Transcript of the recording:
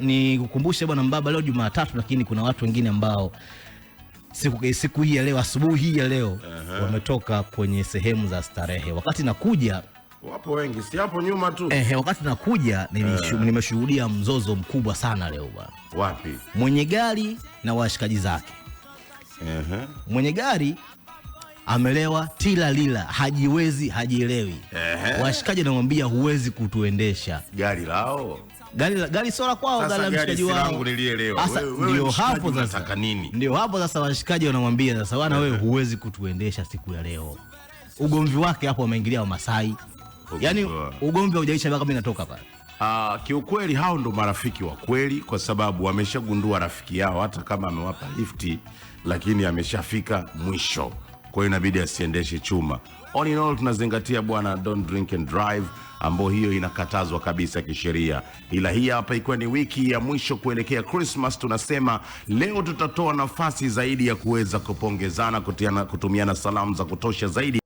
Ni kukumbushe bwana Mbaba, leo Jumatatu, lakini kuna watu wengine ambao siku, siku hii ya leo asubuhi hii ya leo uh -huh. wametoka kwenye sehemu za starehe. Wakati nakuja wapo wengi, si hapo nyuma tu ehe, wakati nakuja eh. nimeshuhudia uh -huh. mzozo mkubwa sana leo bwana. Wapi? mwenye gari na washikaji zake uh -huh. mwenye gari amelewa tila lila, hajiwezi hajielewi uh -huh. washikaji anamwambia huwezi kutuendesha gari lao gari gari sio la kwao, gari la mshikaji wao. Sasa ndio hapo sasa, ndio hapo sasa washikaji wanamwambia sasa, wana wewe eh. huwezi kutuendesha siku ya leo. Ugomvi wake hapo wameingilia Wamasai, yaani ugomvi haujaisha mpaka mimi natoka pale. Uh, kiukweli hao ndo marafiki wa kweli, kwa sababu wameshagundua rafiki yao, hata kama amewapa lifti, lakini ameshafika mwisho kwa hiyo inabidi asiendeshe chuma. All in all, tunazingatia bwana, don't drink and drive, ambayo hiyo inakatazwa kabisa kisheria. Ila hii hapa ikiwa ni wiki ya mwisho kuelekea Christmas, tunasema leo tutatoa nafasi zaidi ya kuweza kupongezana, kutiana, kutumiana salamu za kutosha zaidi.